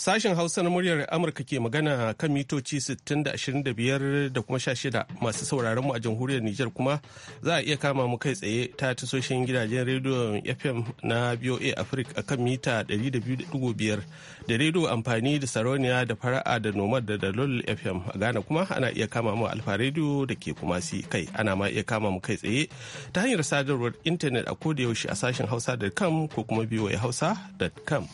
Sashen Hausa na muryar Amurka ke magana kan mitoci 60 da kuma 16 masu sauraron mu a jamhuriyar Nijar kuma za a iya kama mu kai tsaye ta tasoshin gidajen rediyon FM na BOA Africa a kan mita 200.5 da rediyo amfani da sarauniya da fara'a da nomad da dalol FM a Ghana kuma ana iya kama mu alfa rediyo da ke kuma si kai ana ma iya kama mu kai tsaye ta hanyar sadarwar intanet a kodayaushe a sashen hausa.com ko kuma boa hausa.com.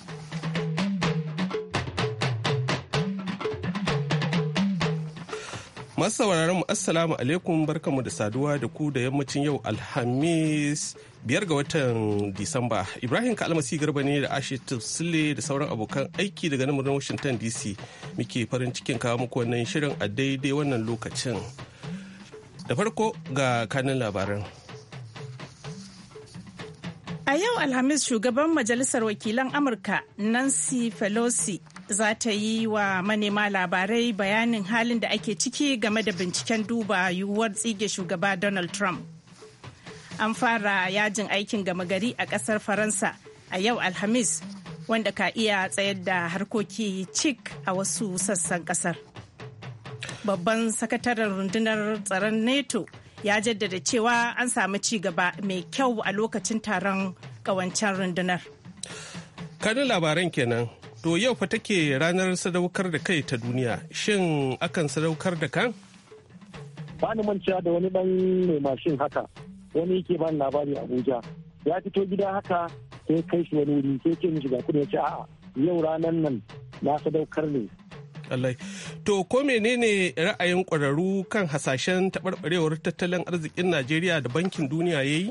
Masu sauraron mu assalamu alaikum barkamu da saduwa da ku da yammacin yau Alhamis biyar ga watan Disamba. Ibrahim Kalmasi Garba ne da Ashit Sule da sauran abokan aiki daga namurin Washington DC muke farin cikin kawo muku wannan shirin a daidai wannan lokacin. Da farko ga kanin labaran. A yau Alhamis shugaban Majalisar Wakilan Amurka Nancy Pelosi za ta yi wa manema labarai bayanin halin da ake ciki game da binciken duba yiwuwar tsige shugaba Donald Trump. An fara yajin aikin gama gari a ƙasar Faransa a yau Alhamis wanda ka iya tsayar da harkoki cik a wasu sassan ƙasar. Babban sakataren rundunar tsaron NATO ya jaddada cewa an samu ci gaba mai kyau a lokacin taron ƙawancen rundunar. kanin labaran kenan To yau fa take ranar sadaukar da kai ta duniya. Shin akan sadaukar da kan? Ba ni manciya da wani dan mai mashin haka. Wani yake ba labari Abuja. Ya fito gida haka sai kai shi wani wuri sai ke mishi ga kudi ya ce a'a yau ranar nan na sadaukar ne Allah. to ko menene ra'ayin ƙwararru kan hasashen taɓarɓarewar tattalin arzikin najeriya da bankin duniya ya yi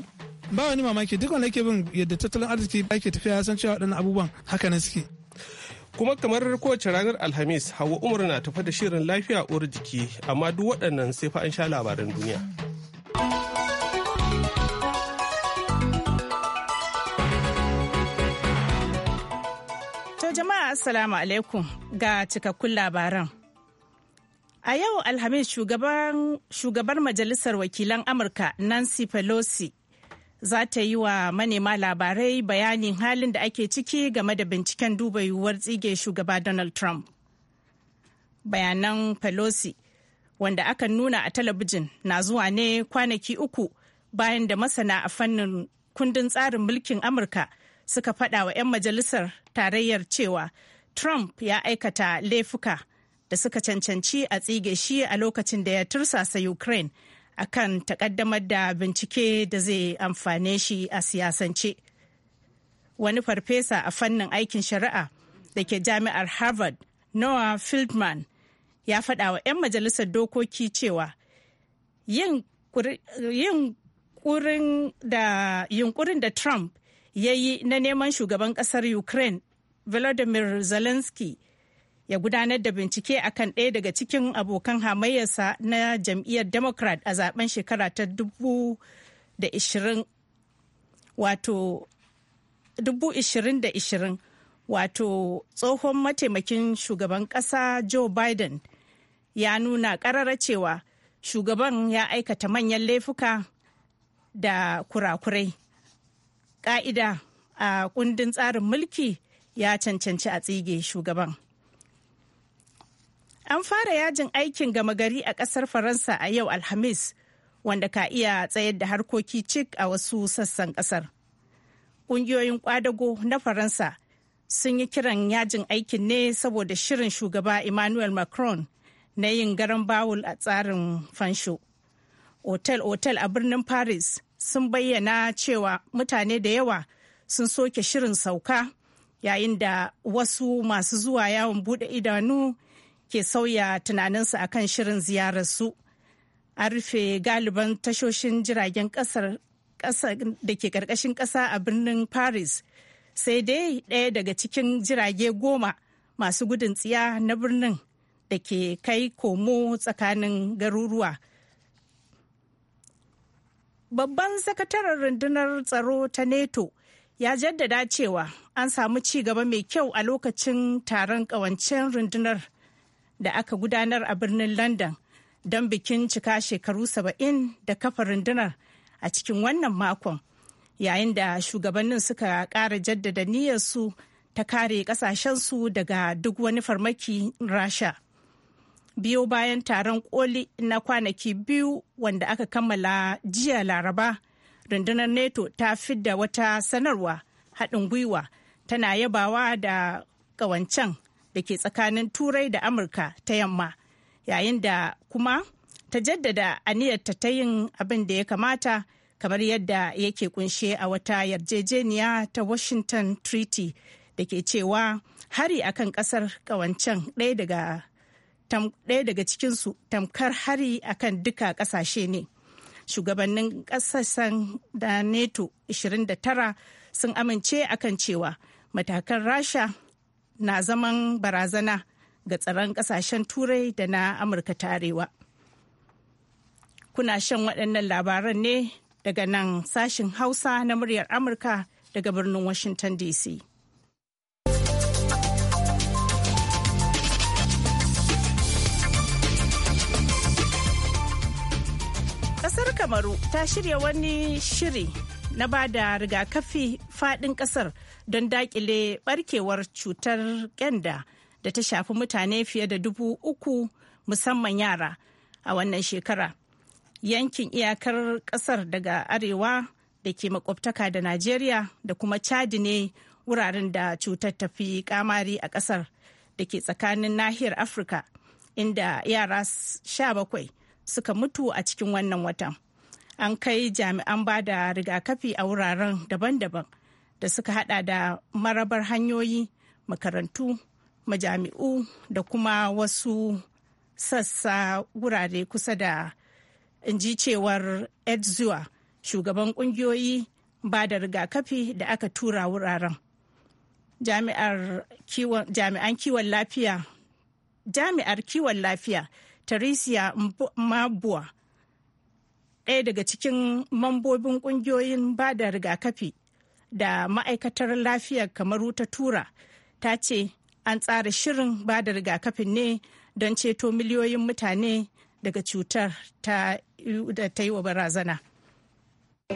ba wani mamaki duk wanda yake bin yadda tattalin arziki ake tafiya ya san cewa waɗannan abubuwan haka na suke kuma kamar kowace ranar alhamis hawa umar na tafa da shirin lafiya uwar jiki amma duk waɗannan sai fa an sha labaran duniya to jama'a assalamu alaikum ga cikakkun labaran a yau alhamis shugaban majalisar wakilan amurka nancy pelosi za ta yi wa manema labarai bayanin halin da ake ciki game da binciken duba yiwuwar tsige shugaba Donald Trump. Bayanan Pelosi wanda aka nuna a talabijin na zuwa ne kwanaki uku bayan da masana a fannin kundin tsarin mulkin Amurka suka faɗa wa 'yan majalisar tarayyar cewa Trump ya aikata laifuka da suka cancanci a tsige shi a lokacin da ya tursasa Ukraine akan takaddamar da bincike da zai amfane shi a siyasance wani farfesa a fannin aikin shari'a da ke jami'ar harvard noah fieldman ya faɗa wa 'yan majalisar dokoki cewa yin yunkurin da trump ya yi na neman shugaban ƙasar ukraine volodymyr zelensky ya gudanar da bincike akan ɗaya daga cikin abokan hamayyarsa na jam'iyyar democrat a zaben shekara ta 2020 wato 2020 tsohon mataimakin shugaban ƙasa joe biden ya nuna ƙarara cewa shugaban ya aikata manyan laifuka da kurakurai ƙa'ida a kundin tsarin mulki ya cancanci a tsige shugaban An fara yajin aikin gama gari a ƙasar Faransa a yau Alhamis, wanda ka iya tsayar da harkoki cik a wasu sassan ƙasar. Ƙungiyoyin ƙwadago na Faransa sun yi kiran yajin aikin ne saboda shirin shugaba Emmanuel Macron na yin garan bawul a tsarin fansho. Otel-otel a birnin Paris sun bayyana cewa mutane da yawa sun soke shirin sauka yayin da wasu masu zuwa yawon bude idanu ke sauya tunaninsu akan shirin ziyararsu a rufe galiban tashoshin jiragen kasar da ke karkashin kasa a birnin paris sai dai ɗaya daga cikin jirage goma masu gudun tsiya na birnin da ke kai komo tsakanin garuruwa babban sakataren rundunar tsaro ta neto ya jaddada cewa an samu ci gaba mai kyau a lokacin taron ƙawancen rundunar da aka gudanar a birnin London don bikin cika shekaru saba'in da kafa rundunar a cikin wannan makon yayin da shugabannin suka kara jaddada niyyarsu ta kare ƙasashensu daga duk wani farmaki rasha biyo bayan taron koli na kwanaki biyu wanda aka kammala jiya laraba rundunar neto ta fidda wata sanarwa haɗin gwiwa tana yabawa da ƙawancen da ke tsakanin turai da amurka ta yamma yayin da kuma ta jaddada aniyarta ta yin abin da ya kamata kamar yadda yake kunshe a wata yarjejeniya ta washington treaty da ke cewa hari akan kasar kawancen ɗaya daga ɗaya daga cikinsu tamkar hari akan duka ƙasashe ne shugabannin ƙasashen da neto 29 sun amince akan cewa matakan rasha na zaman barazana ga tsaron kasashen turai da na amurka tarewa kuna shan waɗannan labaran ne daga nan sashin hausa na muryar amurka daga birnin washington dc kasar kamaru ta shirya wani shiri na ba da rigakafi fadin ƙasar don daƙile barkewar cutar ƙyanda da ta shafi mutane fiye da dubu uku musamman yara a wannan shekara. Yankin iyakar kasar daga arewa da ke makwabtaka da Najeriya da kuma Chadi ne wuraren da cutar tafi kamari a kasar da ke tsakanin nahiyar Afirka inda yara sha bakwai suka mutu a cikin wannan watan. an kai jami'an ba da rigakafi a wuraren daban-daban da suka hada da marabar hanyoyi makarantu majami'u da kuma wasu sassa wurare kusa da inji cewar edzua shugaban kungiyoyi ba da rigakafi da aka tura wuraren jami'an kiwon lafiya jami'ar kiwon lafiya Teresa Mabua ɗaya daga cikin mambobin ƙungiyoyin ba da rigakafi da ma'aikatar lafiyar kamar ta tura ta ce an tsara shirin ba da rigakafin ne don ceto miliyoyin mutane daga cutar ta yi wa barazana.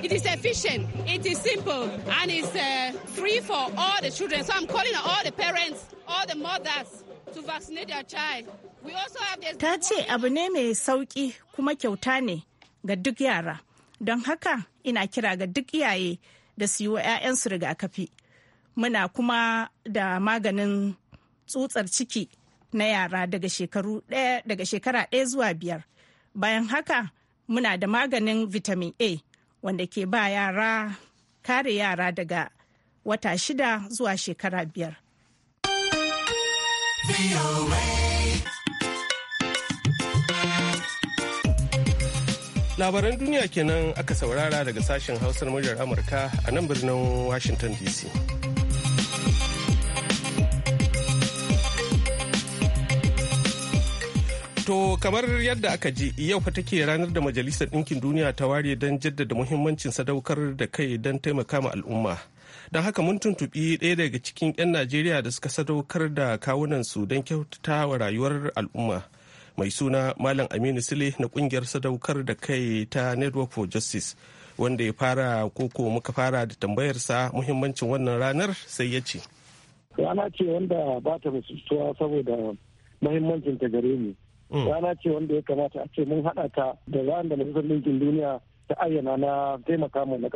It is efficient, it is simple, and it's uh, free for all the children. So I'm calling on all the parents, all the mothers to vaccinate their child. Ta ce abu ne mai sauƙi kuma kyauta ne ga duk yara don haka ina kira ga duk iyaye da su yi wa 'ya'yansu rigakafi muna kuma da maganin tsutsar ciki na yara daga shekaru ɗaya daga shekara ɗaya zuwa biyar bayan haka muna da maganin vitamin a wanda ke ba yara kare yara daga wata shida zuwa shekara biyar. labaran duniya kenan aka saurara daga sashen hausar muryar amurka a nan birnin washington dc To kamar yadda aka ji yau fa take ranar da Majalisar Ɗinkin Duniya ta ware don jaddada muhimmancin sadaukar da kai don taimaka ma al'umma. Don haka mun tuntuɓi ɗaya daga cikin 'yan Najeriya da suka sadaukar da kawunansu don kyautata wa rayuwar al'umma. mai suna malam aminu sule na kungiyar sadaukar da kai ta network for justice wanda ya fara koko muka fara da tambayarsa muhimmancin wannan ranar sai ya ce rana ce wanda ba ta musuwa saboda muhimmancin ta gare ni mm. rana ce wanda ya kamata a ce mun haɗa ta da ranar da majalisar ɗinkin duniya ta ayyana na taimaka mu na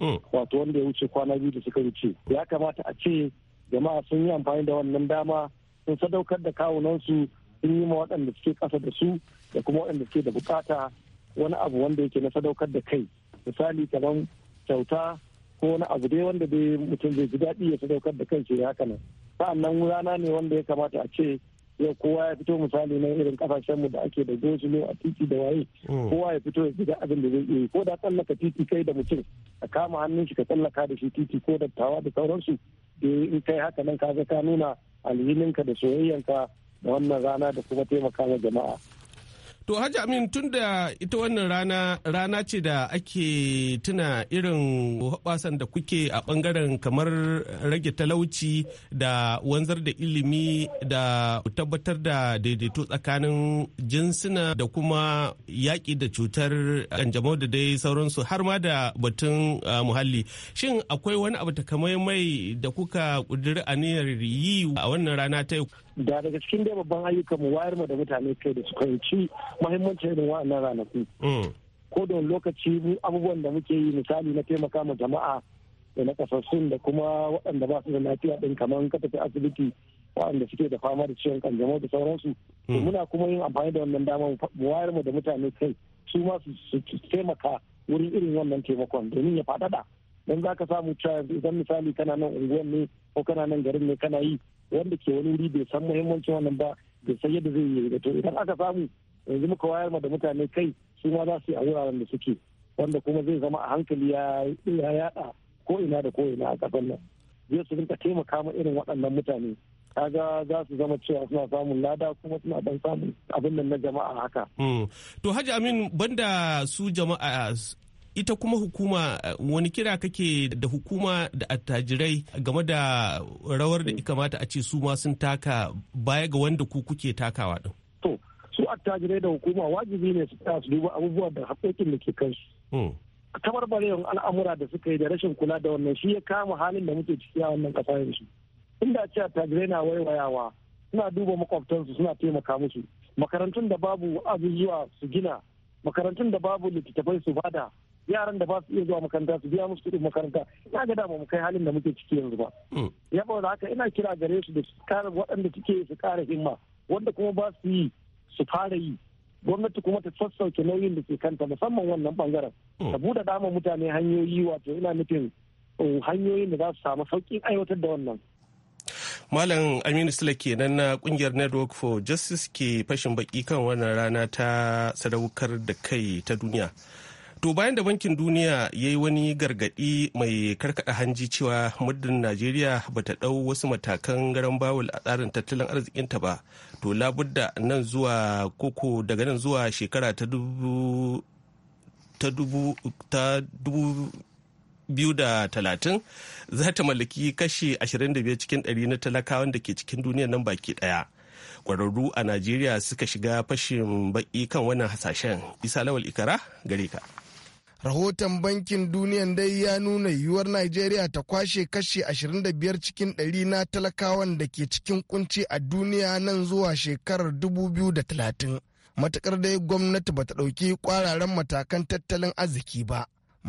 mm. wato wanda ya wuce kwana biyu da suka wuce ya kamata a ce jama'a sun yi amfani da wannan dama sun sadaukar da kawunansu sun yi waɗanda suke ƙasa da su da kuma waɗanda suke da bukata wani abu wanda yake na sadaukar da kai misali kamar kyauta ko wani abu dai wanda dai mutum zai ji daɗi ya sadaukar da kai shi haka nan sa'annan rana ne wanda ya kamata a ce yau kowa ya fito misali na irin mu da ake da gosulo a titi da waye mm. kowa ya fito ya ji abin da zai iya ko da tsallaka titi kai da mutum a kama hannun shi ka tsallaka da shi titi ko da tawa da sauransu eh, in kai haka nan ka ka nuna alhininka da soyayyanka da wannan rana da kuma taimaka ma jama'a. To Hajji Amin tun da ita wannan rana rana ce da ake tuna irin hoɓasan da kuke a ɓangaren kamar rage talauci da wanzar da ilimi da tabbatar da daidaito tsakanin jinsuna da kuma yaƙi da cutar kanjamau da dai sauransu har ma da batun muhalli. Shin akwai wani abu takamaimai da kuka ƙudiri aniyar yi a wannan rana ta yau? da daga cikin dai babban ayyukan mu wayar mu da mutane kai da su fahimci muhimmancin irin wa'annan ranaku mm. ko da lokaci mu abubuwan da muke yi misali na taimaka ma jama'a da na kasassun da kuma waɗanda ba su da lafiya ɗin kamar ka tafi asibiti waɗanda suke da fama da ciwon kanjamau da sauransu mm. muna kuma yin amfani da wannan dama mu wayar mu da mutane kai su ma su taimaka wurin irin wannan taimakon domin ya faɗaɗa don za ka samu cewa idan misali kana nan unguwan ne ko kana nan garin ne kana yi wanda ke wani wuri bai san muhimmancin wannan ba bai san yadda zai yi to idan aka samu yanzu muka wayar ma da mutane kai su ma za su yi a wuraren da suke wanda kuma zai zama a hankali ya yada ko ina da ko ina a kasar nan zai su rinka taimaka ma irin waɗannan mutane kaga za su zama cewa suna samun lada kuma suna ban samun abin nan na jama'a haka. Hmm. To Hajji Amin banda su jama'a ita kuma hukuma eh, wani kira kake da hukuma da attajirai game da rawar da kamata a ce su ma sun taka baya ga wanda ku kuke takawa din to su attajirai da hukuma wajibi ne su su duba abubuwan da haƙoƙin da ke kansu kamar hmm. tabarbarewar al'amura da suka yi da rashin kula da wannan shi ya kama halin da muke ciki a wannan ƙasa yanzu inda ce attajirai na waiwayawa suna duba makwabtansu suna taimaka musu makarantun da babu abubuwa su gina makarantun da babu littattafai su bada yaran da ba su iya zuwa makaranta su biya musu kuɗin makaranta ina ga dama mu kai halin da muke ciki yanzu ba mm. ya ba haka ina kira gare su da su kare waɗanda suke su kare himma wanda kuma ba su yi su fara yi gwamnati kuma ta sassauke nauyin da ke kanta musamman wannan bangaren mm. ta buɗe dama mutane hanyoyi wato ina nufin eh, hanyoyin da za su samu sauƙin aiwatar da wannan Malam Aminu Sula kenan na kungiyar Network for Justice ke fashin baki kan wannan rana ta sadaukar da kai ta duniya. To bayan da bankin duniya ya yi wani gargaɗi mai karkaɗa hanji cewa muddin Najeriya ba ta ɗau wasu matakan garan bawul a tsarin tattalin arzikinta ba, to labudda nan zuwa koko daga nan zuwa shekara ta dubu ta dubu ta dubu biyu da talatin za ta mallaki kashi 25 cikin ɗari na talakawan da ke cikin duniya nan baki ɗaya. Kwararru a Najeriya suka shiga fashin baki kan wannan hasashen. Isa Lawal Ikara gare ka. rahoton bankin duniyan dai ya nuna yiwuwar nigeria ta kwashe kashi 25 cikin 100 na talakawan da ke cikin kunci a duniya nan zuwa shekarar 2030 matukar dai gwamnati ba ta ɗauki kwararan matakan tattalin arziki ba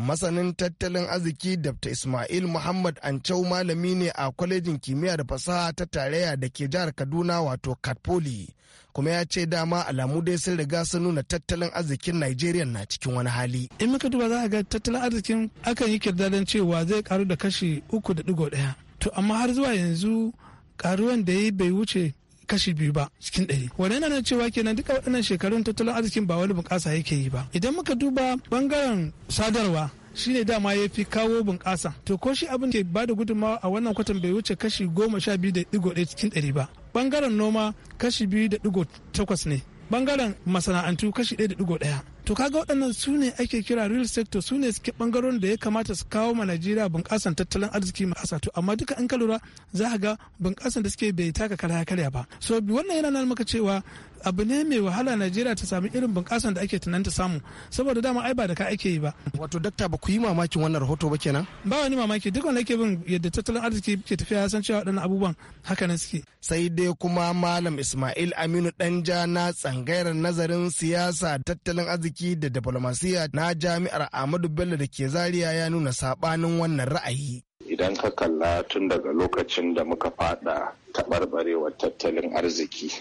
masanin tattalin arziki dr ismail muhammad ancau malami ne a kwalejin kimiyya da fasaha ta tarayya da ke jihar kaduna wato katpoli kuma ya ce dama alamu dai sun riga sun nuna tattalin arzikin Najeriya na cikin wani hali. In muka duba za a ga tattalin arzikin akan yi kirdadan cewa zai karu da kashi uku da digo daya To amma har zuwa yanzu karuwan da ya bai wuce kashi biyu ba cikin ɗari Wane na nan cewa kenan duka waɗannan shekarun tattalin arzikin ba wani bunƙasa yake yi ba idan muka duba bangaren sadarwa shine dama ya fi kawo bunƙasa to ko shi abin ke ba da gudunmawa a wannan kwatan bai wuce kashi goma sha biyu da digo ɗaya cikin ɗari ba bangaren noma kashi biyu da digo takwas ne bangaren masana'antu kashi ɗaya da digo ɗaya to kaga waɗannan su ne ake kira real sector su ne suke bangaron da ya kamata su kawo ma najeriya bunƙasan tattalin arziki mai ƙasa to amma duka in ka lura za ka ga bunƙasan da suke bai taka karya karya ba so wannan yana nan maka cewa abu ne mai wahala najeriya ta sami irin bunƙasan da ake tunan ta samu saboda dama ai ba da ka ake yi ba wato dakta ba ku yi mamakin wannan rahoto ba kenan ba wani mamaki duk wanda ke bin yadda tattalin arziki ke tafiya san cewa waɗannan abubuwan haka nan suke sai dai kuma malam ismail aminu danja na tsangayar nazarin siyasa tattalin arziki da diplomasiya na jami'ar ahmadu bello da ke zaria ya nuna sabanin wannan ra'ayi idan ka kalla tun daga lokacin da muka fada tabarbarewar tattalin arziki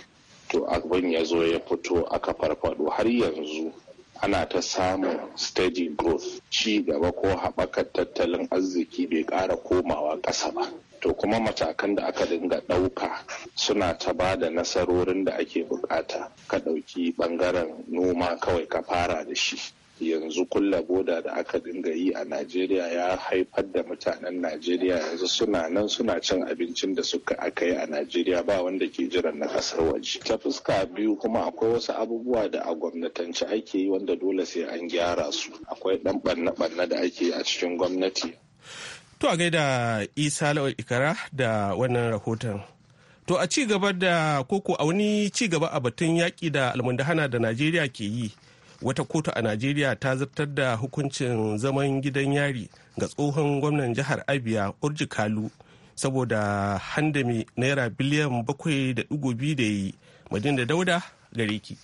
to abin ya zo ya fito aka farfado har yanzu ana ta samun steady growth ci gaba ko haɓakar tattalin arziki bai ƙara komawa ƙasa ba to kuma matakan da aka dinga ɗauka suna ta ba da nasarorin da ake bukata ka ɗauki ɓangaren noma kawai ka fara da shi yanzu kulla boda da aka dinga yi a najeriya ya haifar da mutanen najeriya yanzu suna nan suna cin abincin da suka aka yi a najeriya ba wanda ke jiran na kasar waje ta fuska biyu kuma akwai wasu abubuwa da a gwamnatance ake yi wanda dole sai an gyara su akwai dan banna-banna da ake yi a cikin gwamnati to a gaida isa lawal ikara da wannan rahoton To a ci gaba da koko a wani ci gaba a batun yaƙi da almundahana da Najeriya ke yi, wata kotu a najeriya ta zartar da hukuncin zaman gidan yari ga tsohon gwamnan jihar abia urji kalu saboda handami naira biliyan bakwai da biyu da yi madina dauda gare ki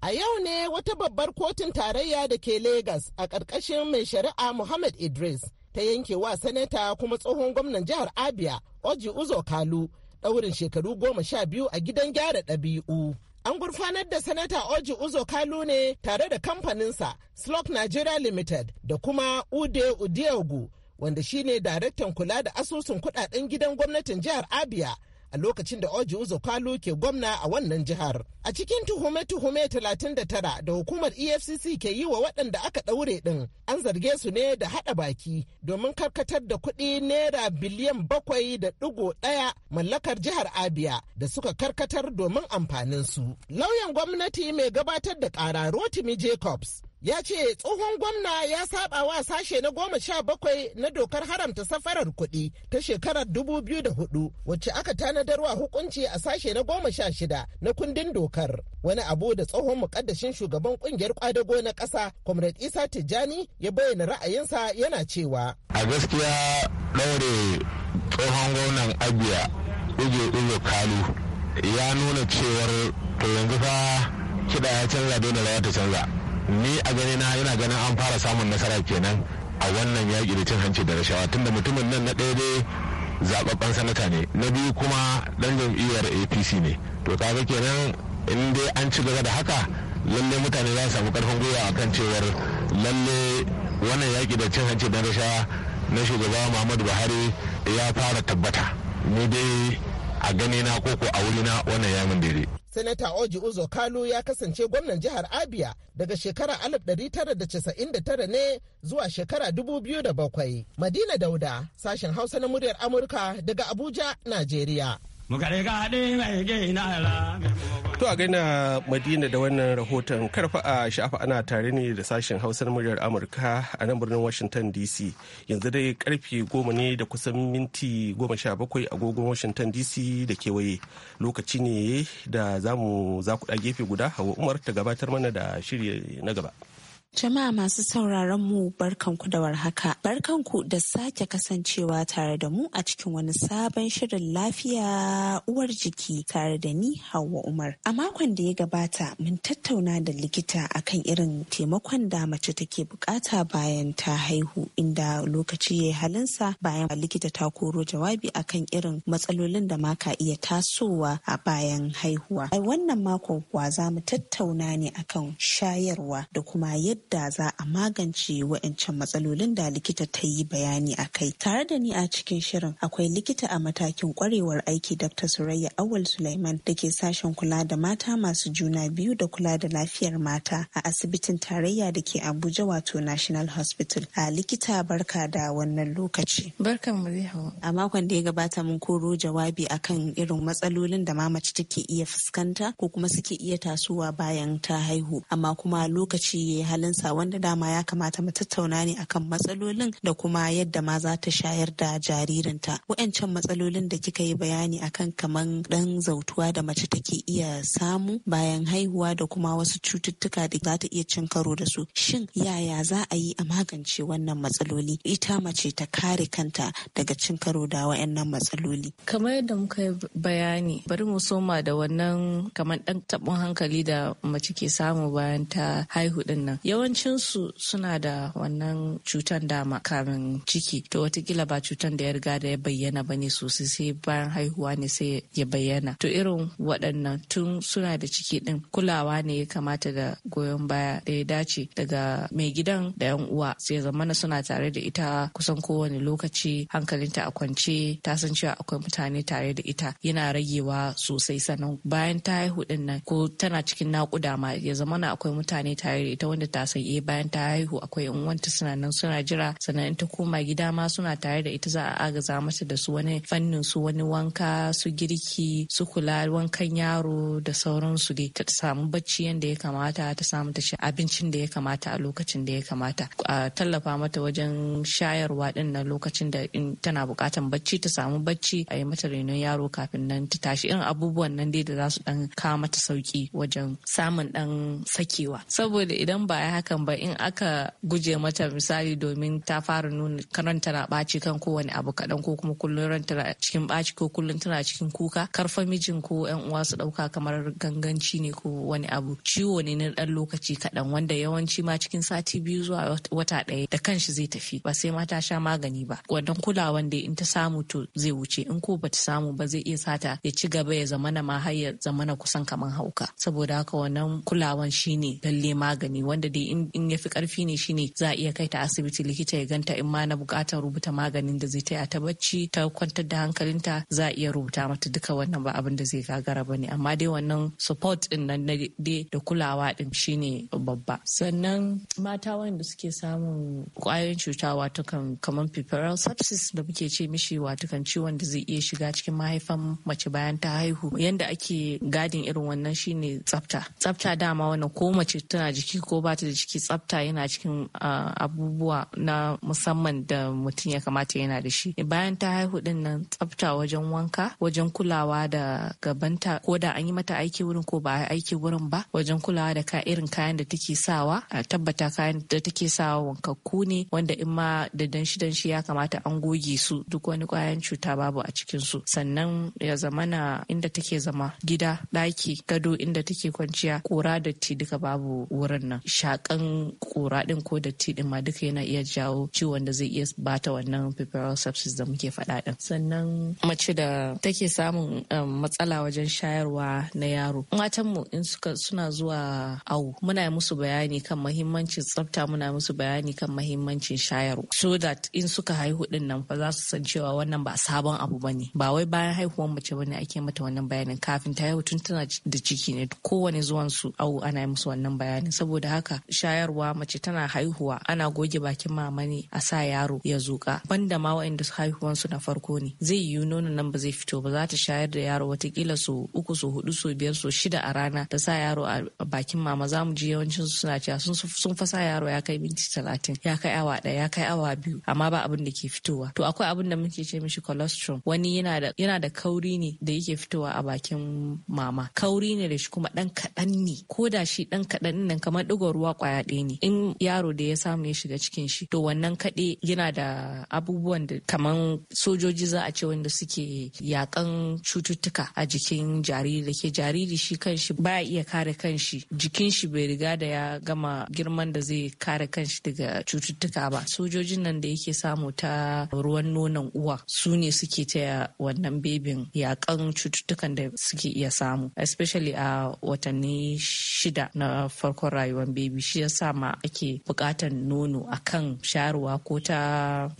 a yau ne wata babbar kotun tarayya da ke Legas a ƙarƙashin mai shari'a muhammad idris ta yanke wa sanata kuma tsohon gwamnan jihar abia oji uzo kalu ɗaurin shekaru goma sha biyu a gidan gyara ɗabi'u An gurfanar da Sanata Oji Uzo Kalu ne tare da kamfaninsa Slok Nigeria Limited da kuma Ude Udiogu wanda shine daraktan kula da asusun kudaden gidan gwamnatin jihar Abia a lokacin da Oji Uzo ke gwamna a wannan jihar. A cikin tuhume-tuhume 39 da hukumar EFCC ke yi wa waɗanda aka ɗaure ɗin, an zarge su ne da haɗa baki domin karkatar da kuɗi naira biliyan bakwai da ɗigo ɗaya mallakar jihar Abia da suka karkatar domin amfaninsu. Lauyan gwamnati mai gabatar da ƙara Rotimi Jacobs ya ce tsohon gwamna ya saba wa sashe na goma sha bakwai na dokar haramta safarar kuɗi ta shekarar dubu da hudu wacce aka tanadar wa hukunci a sashe na goma sha shida na kundin dokar wani abu da tsohon mukaddashin shugaban kungiyar kwadago na ƙasa comrade isa tijjani ya bayyana ra'ayinsa yana cewa a gaskiya ɗaure tsohon gwamnan abia uge uge kalu ya nuna cewar to yanzu fa kiɗa ya canza dole rawa ta canza ni a gani na yana ganin an fara samun nasara kenan a wannan yaƙi da cin hanci da rashawa tunda mutumin nan na ɗaya dai zababben sanata ne na biyu kuma ɗan jam'iyyar apc ne to kaga kenan in dai an ci gaba da haka lalle mutane za su samu ƙarfin gwiwa a kan cewar lalle wannan yaƙi da cin hanci da rashawa na shugaba muhammadu buhari ya fara tabbata ni dai a gani na koko a wuri na wannan yamin dare Sanata Oji Uzo Kalu ya kasance gwamnan jihar Abia daga shekara 1999 ne zuwa shekara 2007. Madina Dauda, sashen Hausa na muryar Amurka daga Abuja, Najeriya. To a gaina Madina da wannan rahoton karfa a sha'afa ana tare ne da sashen hausar muryar Amurka a nan birnin Washington DC yanzu dai karfe goma ne da kusan minti goma sha bakwai agogon Washington DC da kewaye lokaci ne da za mu za gefe guda hawa Umar ta gabatar mana da shiri na gaba. Jama'a masu sauraron mu barkanku da warhaka. Barkanku da sake kasancewa tare da mu a cikin wani sabon shirin lafiya uwar jiki tare da ni Hauwa Umar. A makon da ya gabata mun tattauna da likita akan irin taimakon da mace take bukata bayan ta haihu inda lokaci ya halinsa bayan likita ta koro jawabi akan irin matsalolin da maka iya tasowa a bayan haihuwa. Ai wannan makon kuwa za mu tattauna ne akan shayarwa da kuma yadda yadda za a magance wa'ancan matsalolin da likita ta yi bayani a kai. Tare da ni a cikin shirin akwai likita a matakin kwarewar aiki Dr. Surayya Awal Sulaiman da ke sashen kula da mata masu juna biyu da kula da lafiyar mata a asibitin tarayya da ke Abuja wato National Hospital. A likita barka da wannan lokaci. A makon da ya gabata mun koro jawabi akan irin matsalolin da mamaci take iya fuskanta ko kuma suke iya tasowa bayan ta haihu amma kuma lokaci ya halin kansa wanda dama ya kamata mu tattauna ne akan matsalolin da kuma yadda ma za ta shayar da jaririnta wa'ancan matsalolin da kika yi bayani akan kaman dan zautuwa da mace take iya samu bayan haihuwa da kuma wasu cututtuka da za ta iya cin karo da su shin yaya za a yi a magance wannan matsaloli ita mace ta kare kanta daga cin karo da wa'annan matsaloli kamar yadda muka yi bayani bari mu soma da wannan kamar dan tabon hankali da mace ke samu bayan ta haihu din nan yawancinsu suna da wannan cutar dama kamin ciki to watakila ba cutar da ya riga da ya bayyana ba ne sosai sai bayan haihuwa ne sai ya bayyana to irin waɗannan tun suna da ciki ɗin kulawa ne ya kamata da goyon baya da ya dace daga mai gidan da yan uwa sai zamana suna tare da ita kusan kowane lokaci hankalinta a kwance ta san cewa akwai mutane tare da ita yana ragewa sosai sannan bayan ta haihu ɗin nan ko tana cikin naƙuda ma ya zamana akwai mutane tare da ita wanda ta eh bayan ta haihu akwai yan uwanta suna nan suna jira sannan ta koma gida ma suna tare da ita za a agaza mata da su wani fannin su wani wanka su girki su kula wankan yaro da sauransu dai ta samu bacci yanda ya kamata ta samu ta ci abincin da ya kamata a lokacin da ya kamata a tallafa mata wajen shayarwa din na lokacin da in tana bukatan bacci ta samu bacci a yi mata renon yaro kafin nan ta tashi irin abubuwan nan dai da za su dan kawo mata sauki wajen samun dan sakewa saboda idan ba ya hakan ba in aka guje mata misali domin ta fara nuna karanta na ɓaci kan kowane abu kaɗan ko kuma kullum ranta cikin ɓaci ko kullum tana cikin kuka karfa mijin ko yan uwa su ɗauka kamar ganganci ne ko wani abu ciwo ne na ɗan lokaci kaɗan wanda yawanci ma cikin sati biyu zuwa wata ɗaya da kanshi zai tafi ba sai ma ta sha magani ba wannan kulawan da in ta samu to zai wuce in ko bata samu ba zai iya sata ya ci gaba ya zamana ma har ya zamana kusan kamar hauka saboda haka wannan kulawan shine lalle magani wanda dai in ya fi karfi ne shine za a iya kai ta asibiti likita ya ganta in ma na bukatar rubuta maganin da zai taya ta bacci ta kwantar da hankalinta za a iya rubuta mata duka wannan ba abin da zai gagara ba ne amma dai wannan support din nan dai da kulawa din shine babba sannan mata wanda suke samun kwayoyin cuta wato kan kamar puerperal sepsis da muke ce mishi wato kan ciwon da zai iya shiga cikin mahaifan mace bayan ta haihu yanda ake gadin irin wannan shine tsafta tsafta dama wannan ko mace tana jiki ko ba ta jiki tsafta yana cikin ah, abubuwa na musamman da mutum ya kamata yana da shi bayan ta haihu din nan tsafta wajen wanka wajen kulawa da gabanta ko da an yi mata aiki wurin ko ba a aiki wurin ba wajen kulawa da ka irin kayan da take sawa a tabbata kayan da take sawa wankakku ne wanda in ma da danshi danshi ya kamata an goge su duk wani kwayan cuta babu a cikin su sannan ya na inda take zama gida daki, gado inda take kwanciya kora da ti duka babu wurin nan kan kura din ko datti din ma duka yana iya jawo ciwon da zai iya bata wannan febrile sepsis da muke faɗa din sannan mace da take samun um, matsala wajen shayarwa na yaro matan mu in suka suna zuwa awo muna musu bayani kan mahimmancin tsafta muna musu bayani kan mahimmancin shayarwa so that in suka haihu din nan fa za su san cewa wannan ba sabon abu bane ba wai bayan haihuwar mace bane ake mata wannan bayanin kafin ta haihu tun tana da ciki ne kowane zuwan su awo ana musu wannan bayanin saboda haka shayarwa mace tana haihuwa ana goge bakin mama ne a sa yaro ya zuka banda ma waɗanda haihuwan su na farko ne zai yiwu nono nan ba zai fito ba za ta shayar da yaro watakila so uku so hudu so biyar so shida a rana ta sa yaro a bakin mama za mu ji yawancin su suna cewa sun fa sa yaro ya kai minti talatin ya kai awa ɗaya ya kai awa biyu amma ba abin da ke fitowa to akwai abin da muke ce mishi colostrum wani yana da yana da kauri ne da yake fitowa a bakin mama kauri ne da shi kuma ɗan kaɗan ne ko da shi ɗan kaɗan nan kamar ɗigon ruwa kwaya ɗaya ne in yaro da ya samu ya shiga cikin shi to wannan kaɗe yana da abubuwan da kaman sojoji za a ce wanda suke yakan cututtuka a jikin jariri da ke jariri shi kanshi baya iya kare kanshi jikin shi bai riga da ya gama girman da zai kare kanshi daga cututtuka ba sojojin nan da yake samu ta ruwan nonon uwa su ne suke taya wannan bebin yakan cututtukan da suke iya samu especially a watanni shida na farkon rayuwar bebi shi sa ma ake bukatan nono a kan shayarwa ko ta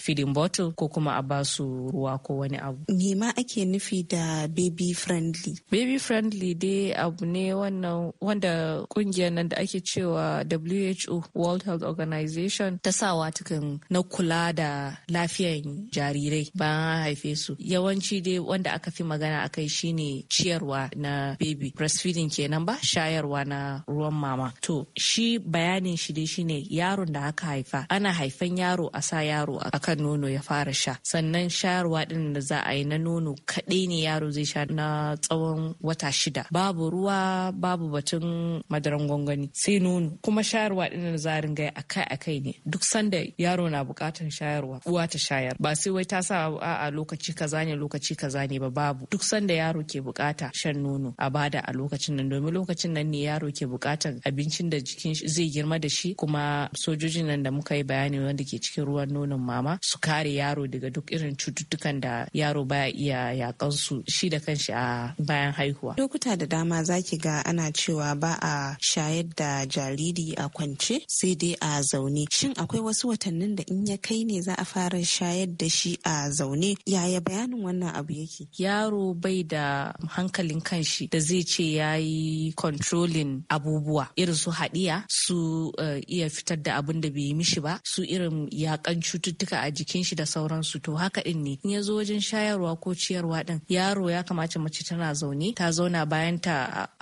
feeding bottle ko kuma a basu ruwa ko wani abu me ake nufi da baby friendly baby friendly dai abu ne wannan wanda ƙungiyar nan da ake cewa WHO World Health Organization ta sawa tukan na kula da lafiyan jarirai bayan haife su yawanci dai wanda aka fi magana a kai shine ciyarwa na baby breastfeeding kenan ba shayarwa na ruwan mama to shi bayan bayanin shi dai shine yaron da aka haifa ana haifan yaro a sa yaro a kan nono ya fara sha sannan shayarwa din da za a yi na nono kaɗai ne yaro zai sha na tsawon wata shida babu ruwa babu batun madaran gwangwani sai nono kuma shayarwa din da za a ringa akai akai ne duk sanda yaro na bukatan shayarwa uwa ta shayar ba sai wai ta sa a lokaci kaza ne lokaci kaza ne ba babu duk sanda yaro ke bukata shan nono a bada a lokacin nan domin lokacin nan ne yaro ke bukatan abincin da jikin zai zai girma da shi kuma sojojin nan da muka yi bayani wanda ke cikin ruwan nonon mama su kare yaro daga duk irin cututtukan da yaro baya iya yakan su shi da kanshi a bayan haihuwa. Lokuta da dama zaki ga ana cewa ba a shayar da jariri a kwance sai dai a zaune. Shin akwai wasu watannin da in ya kai ne za a fara shayar da shi a zaune? Yaya bayanin wannan abu yake? Yaro bai da hankalin kanshi da zai ce ya yi controlling abubuwa irin su haɗiya su su eh, iya fitar da abin da bai yi mishi ba su irin yakan cututtuka a jikin shi da sauransu to haka din ne in ya zo wajen shayarwa ko ciyarwa din yaro ya kamata mace tana zaune ta zauna bayan ta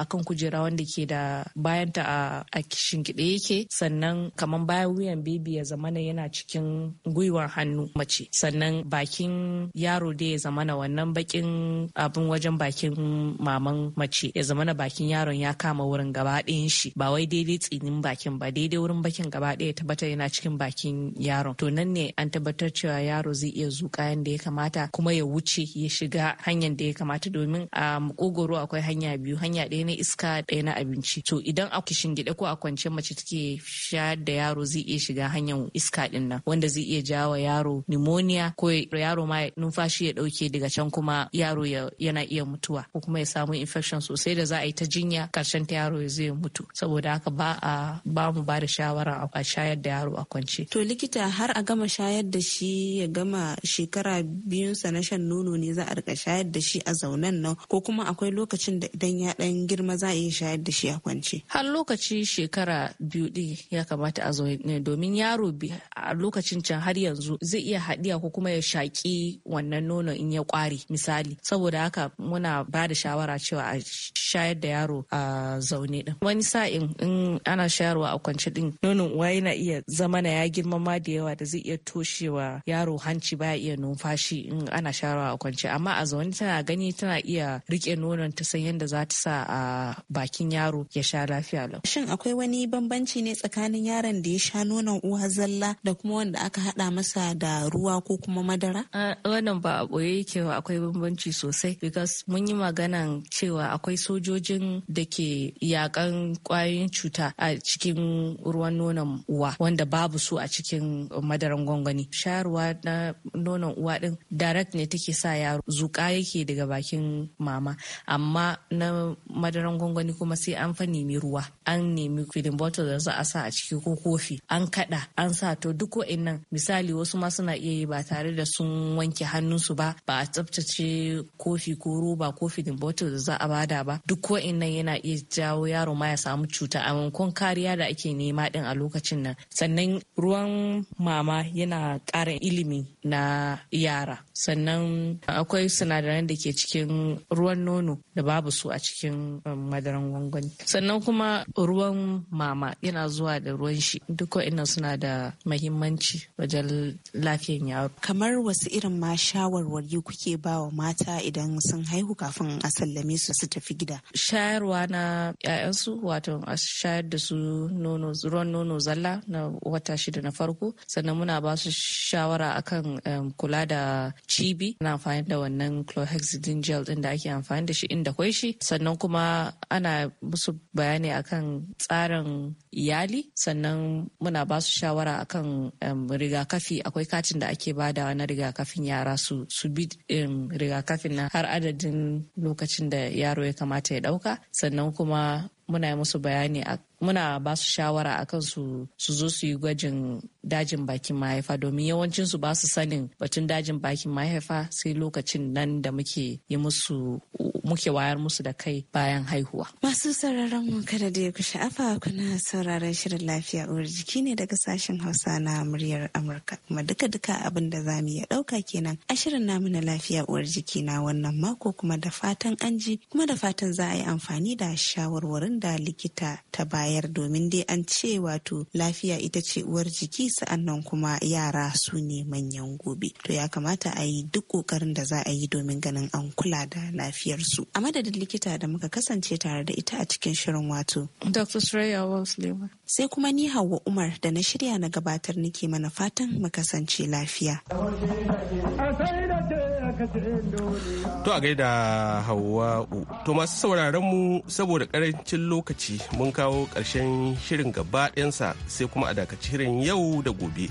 akan kujera wanda ke da bayan ta a shingiɗe yake sannan kamar bayan wuyan bibi ya zamana yana cikin gwiwar hannu mace sannan bakin yaro da ya zamana wannan bakin abin wajen bakin maman mace ya zamana bakin yaron ya kama wurin gaba ɗayan shi ba wai daidai tsinin baki bakin ba daidai wurin bakin gaba ɗaya tabbatar yana cikin bakin yaron to nan ne an tabbatar cewa yaro zai iya zuƙa yanda ya kamata kuma ya wuce ya shiga hanyar da ya kamata domin a makogoro akwai hanya biyu hanya ɗaya na iska ɗaya na abinci to idan a kishin gida ko a kwance mace take shayar da yaro zai iya shiga hanyar iska ɗin nan wanda zai iya jawo yaro pneumonia ko yaro ma numfashi ya ɗauke daga can kuma yaro yana iya mutuwa ko kuma ya samu infection sosai da za a yi ta jinya karshen ta yaro zai mutu saboda haka ba a ba mu ba da shawara a shayar da yaro a kwance. To likita har a gama shayar da shi ya gama shekara biyunsa na shan nono ne za a rika shayar da shi a zaunan nan ko kuma akwai lokacin da idan ya dan girma za a iya shayar da shi a kwance. Har lokaci shekara biyu ɗin ya kamata a zaune domin yaro a lokacin can har yanzu zai iya haɗiya ko kuma ya shaƙi wannan nono in ya ƙware misali saboda haka muna ba da shawara cewa a shayar da yaro a zaune ɗin. Wani sa'in in ana shayarwa shayarwa a kwance din nonon uwa yana iya zama na ya girma ma da yawa da zai iya toshewa yaro hanci baya iya numfashi in ana sharawa a kwance amma a zaune tana gani tana iya rike nonon ta san yadda za ta sa a bakin yaro ya sha lafiya lau. Shin akwai wani bambanci ne tsakanin yaron da ya sha nonon uwa zalla da kuma wanda aka haɗa masa da ruwa ko kuma madara? Wannan ba a boye yake akwai bambanci sosai because mun yi maganan cewa akwai sojojin da ke yakan kwayoyin cuta a cikin cikin ruwan nonon uwa wanda babu su a cikin madaran gwangwani shayarwa na nonon uwa din direct ne take sa yaro zuƙa yake daga bakin mama amma na madaran gwangwani kuma sai an fa nemi ruwa an nemi feeding bottle da za a sa a ciki ko kofi an kada an sa to duk wa'annan misali wasu ma suna iya yi ba tare da sun wanke hannunsu ba ba a tsaftace kofi ko roba ko feeding bottle da za a bada ba duk wa'annan yana iya jawo yaro ma ya samu cuta a kariya da da ake nema din a lokacin nan sannan ruwan mama yana ƙara ilimi na yara sannan akwai sinadaran da ke cikin ruwan nono da babu su a cikin um, madaran gwangwani sannan kuma ruwan mama yana zuwa da ruwan shi duk wa'annan suna da mahimmanci wajen lafiyan yaro kamar wasu irin ma shawarwari kuke ba wa mata idan sun haihu kafin a sallame su su tafi gida shayarwa na 'ya'yansu wato a shayar da su nono ruwan nono zalla na wata shida na farko sannan muna ba su shawara akan um, kula da cibi ana amfani da wannan chlorhexidine gel din da ake amfani da shi inda kwai shi sannan kuma ana musu bayani akan tsarin iyali sannan muna ba su shawara akan um, rigakafi akwai katin da ake da na rigakafin yara su su bi um, rigakafin na har adadin lokacin da yaro ya kamata ya dauka sannan kuma muna musu bayani muna ba su shawara akan su su zo su yi gwajin dajin bakin mahaifa domin yawancin su ba su sanin batun dajin bakin mahaifa sai lokacin nan da muke yi musu muke wayar musu da kai bayan haihuwa. Masu sauraron mu kada da ku sha'afa kuna sauraron shirin lafiya uwar jiki ne daga sashen Hausa na muryar Amurka kuma duka-duka abin da za mu iya ɗauka kenan a shirin namu na lafiya uwar jiki na wannan mako kuma da fatan an ji kuma da fatan za a yi amfani da shawarwarin da likita ta bayar domin dai an ce wato lafiya ita ce uwar jiki sa'annan kuma yara su ne manyan gobe to ya kamata a yi duk ƙoƙarin da za a yi domin ganin an kula da lafiyarsu a madadin likita da muka kasance tare da ita a cikin shirin wato dr Shreya Wolfslewa. sai kuma ni hawa umar da na shirya na gabatar nake mana fatan mu kasance lafiya. To a gaida Hauwa'u. To masu sauraron mu saboda karancin lokaci mun kawo ƙarshen shirin gaba ɗayansa sai kuma a dakaci shirin yau da gobe.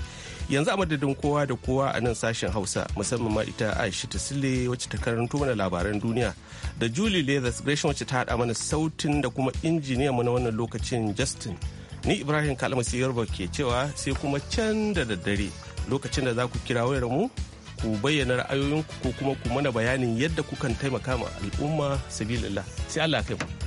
Yanzu a madadin kowa da kowa a nan sashen Hausa musamman ma ita Aisha Tasile wacce ta karanto mana labaran duniya da Julie Leathers Gresham wacce ta haɗa mana sautin da kuma injiniyan mu na wannan lokacin Justin. Ni Ibrahim Kalmasi Yorba ke cewa sai kuma can da daddare lokacin da za ku kira wayar mu ku bayyana ra'ayoyinku ko kuma ku mana bayanin yadda kukan taimaka ma al'umma sabilillah sai Allah ya kai mu